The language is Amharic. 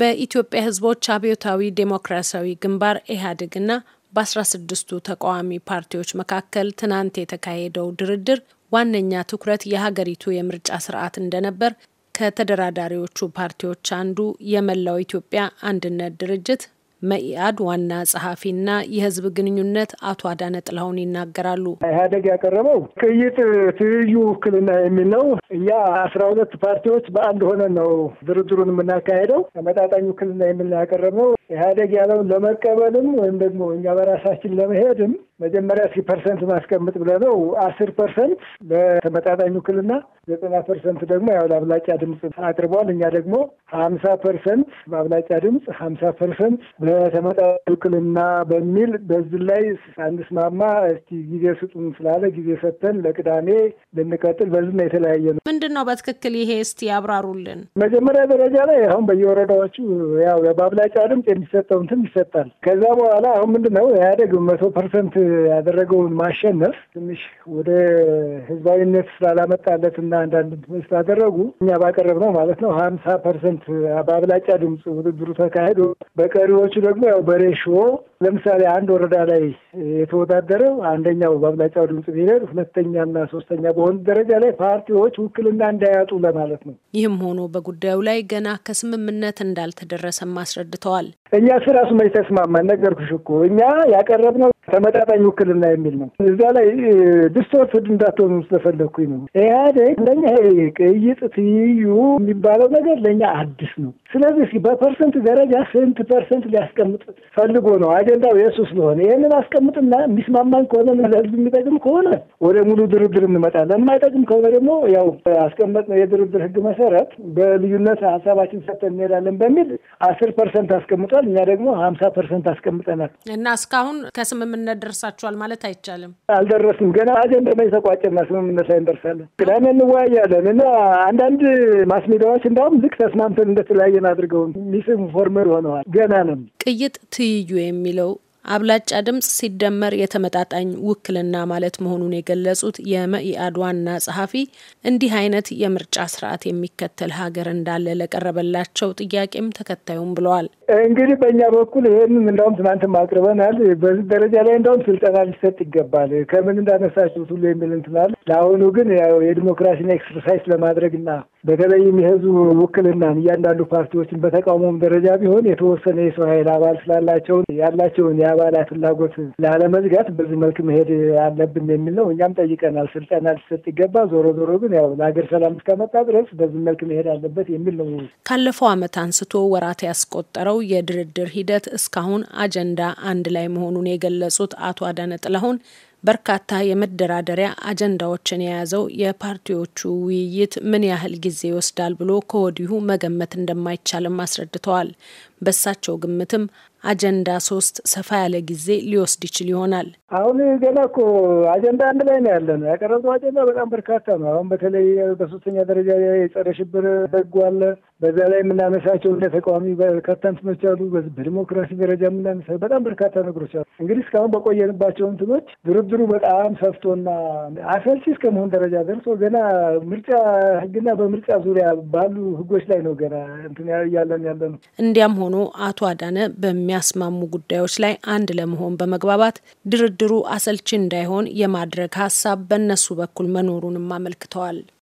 በኢትዮጵያ ህዝቦች አብዮታዊ ዴሞክራሲያዊ ግንባር ኢህአዴግና በ 16 ድስቱ ተቃዋሚ ፓርቲዎች መካከል ትናንት የተካሄደው ድርድር ዋነኛ ትኩረት የሀገሪቱ የምርጫ ስርዓት እንደነበር ከተደራዳሪዎቹ ፓርቲዎች አንዱ የመላው ኢትዮጵያ አንድነት ድርጅት መኢአድ ዋና ጸሐፊና የህዝብ ግንኙነት አቶ አዳነ ጥላሁን ይናገራሉ። ኢህአዴግ ያቀረበው ቅይጥ ትይዩ ውክልና የሚል ነው። እኛ አስራ ሁለት ፓርቲዎች በአንድ ሆነ ነው ድርድሩን የምናካሄደው። ተመጣጣኝ ውክልና የሚል ነው ያቀረበው። ኢህአዴግ ያለውን ለመቀበልም ወይም ደግሞ እኛ በራሳችን ለመሄድም መጀመሪያ እስኪ ፐርሰንት ማስቀምጥ ብለ ነው አስር ፐርሰንት ለተመጣጣኝ ውክልና ዘጠና ፐርሰንት ደግሞ ያው ለአብላጫ ድምፅ አቅርበዋል። እኛ ደግሞ ሀምሳ ፐርሰንት በአብላጫ ድምፅ ሀምሳ ፐርሰንት በተመጣጣኝ በሚል በዚህ ላይ አንስማማ፣ እስቲ ጊዜ ስጡን ስላለ ጊዜ ሰጥተን ለቅዳሜ ልንቀጥል በዚህ ነው የተለያየ ነው። ምንድን ነው በትክክል ይሄ እስቲ ያብራሩልን። መጀመሪያ ደረጃ ላይ አሁን በየወረዳዎቹ ያው በአብላጫ ድምፅ የሚሰጠው እንትን ይሰጣል። ከዛ በኋላ አሁን ምንድን ነው ኢህአዴግ መቶ ፐርሰንት ያደረገውን ማሸነፍ ትንሽ ወደ ህዝባዊነት ስላላመጣለት እና አንዳንድ ስላደረጉ እኛ ባቀረብ ነው ማለት ነው ሀምሳ ፐርሰንት በአብላጫ ድምፅ ውድድሩ ተካሂዶ በቀሪዎቹ ደግሞ ያው በሬሾ ለምሳሌ አንድ ወረዳ ላይ የተወዳደረው አንደኛው በአብላጫው ድምፅ ቢሄድ ሁለተኛና ሶስተኛ በሆኑ ደረጃ ላይ ፓርቲዎች ውክልና እንዳያጡ ለማለት ነው። ይህም ሆኖ በጉዳዩ ላይ ገና ከስምምነት እንዳልተደረሰም አስረድተዋል። እኛ ራሱ መች ተስማማን? ነገርኩሽ እኮ እኛ ያቀረብነው ተመጣጣኝ ውክልና የሚል ነው። እዚያ ላይ ዲስቶርትድ እንዳትሆኑ ስለፈለግኩኝ ነው። ኢህአዴግ ለኛ ቅይጥ ትይዩ የሚባለው ነገር ለእኛ አዲስ ነው። ስለዚህ በፐርሰንት ደረጃ ስንት ፐርሰንት ሊያስቀምጥ ፈልጎ ነው አጀንዳው የእሱ ስለሆነ ይህንን አስቀምጥና የሚስማማን ከሆነ ለህዝብ የሚጠቅም ከሆነ ወደ ሙሉ ድርድር እንመጣለን። የማይጠቅም ከሆነ ደግሞ ያው አስቀመጥነው የድርድር ህግ መሰረት በልዩነት ሀሳባችን ሰጥተን እንሄዳለን በሚል አስር ፐርሰንት አስቀምጧል። እኛ ደግሞ ሀምሳ ፐርሰንት አስቀምጠናል እና እስካሁን ከስምምነት ደርሳችኋል ማለት አይቻልም። አልደረስም ገና አጀንዳ ላይ ተቋጨና ስምምነት ላይ እንደርሳለን። ቅዳሜ እንወያያለን እና አንዳንድ ማስሜዳዎች ሚዲያዎች ልክ ተስማምተን እንደተለያየ ዲዛይን አድርገው ሚስ ኢንፎርመር ሆነዋል። ገና ነው ቅይጥ ትይዩ የሚለው አብላጫ ድምጽ ሲደመር የተመጣጣኝ ውክልና ማለት መሆኑን የገለጹት የመኢአድ ዋና ጸሐፊ እንዲህ አይነት የምርጫ ስርዓት የሚከተል ሀገር እንዳለ ለቀረበላቸው ጥያቄም ተከታዩም ብለዋል። እንግዲህ በእኛ በኩል ይህንም እንዳውም ትናንትም አቅርበናል። በዚህ ደረጃ ላይ እንዳውም ስልጠና ሊሰጥ ይገባል። ከምን እንዳነሳችሁት ሁሉ የሚል ለአሁኑ ግን ያው የዲሞክራሲን ኤክሰርሳይዝ ለማድረግና በተለይም የህዝቡ ውክልናን እያንዳንዱ ፓርቲዎችን በተቃውሞም ደረጃ ቢሆን የተወሰነ የሰው ኃይል አባል ስላላቸውን ያላቸውን የአባላት ፍላጎት ላለመዝጋት በዚህ መልክ መሄድ አለብን የሚል ነው። እኛም ጠይቀናል። ስልጠና ሊሰጥ ይገባ። ዞሮ ዞሮ ግን ያው ለሀገር ሰላም እስከመጣ ድረስ በዚህ መልክ መሄድ አለበት የሚል ነው። ካለፈው ዓመት አንስቶ ወራት ያስቆጠረው የድርድር ሂደት እስካሁን አጀንዳ አንድ ላይ መሆኑን የገለጹት አቶ አዳነ ጥላሁን በርካታ የመደራደሪያ አጀንዳዎችን የያዘው የፓርቲዎቹ ውይይት ምን ያህል ጊዜ ይወስዳል ብሎ ከወዲሁ መገመት እንደማይቻልም አስረድተዋል። በሳቸው ግምትም አጀንዳ ሶስት ሰፋ ያለ ጊዜ ሊወስድ ይችል ይሆናል። አሁን ገና እኮ አጀንዳ አንድ ላይ ነው ያለ ነው ያቀረብነው። አጀንዳ በጣም በርካታ ነው። አሁን በተለይ በሶስተኛ ደረጃ የጸረ ሽብር ህጉ አለ። በዛ ላይ የምናነሳቸው እንደ ተቃዋሚ በርካታ እንትኖች አሉ። በዲሞክራሲ ደረጃ የምናነሳ በጣም በርካታ ነገሮች አሉ። እንግዲህ እስካሁን በቆየንባቸው እንትኖች ድርድሩ በጣም ሰፍቶና አሰልቺ እስከመሆን ደረጃ ደርሶ ገና ምርጫ ህግና በምርጫ ዙሪያ ባሉ ህጎች ላይ ነው ገና እንትን ያለን ያለ ነው። እንዲያም ሆኖ አቶ አዳነ በሚ በሚያስማሙ ጉዳዮች ላይ አንድ ለመሆን በመግባባት ድርድሩ አሰልቺ እንዳይሆን የማድረግ ሀሳብ በእነሱ በኩል መኖሩንም አመልክተዋል።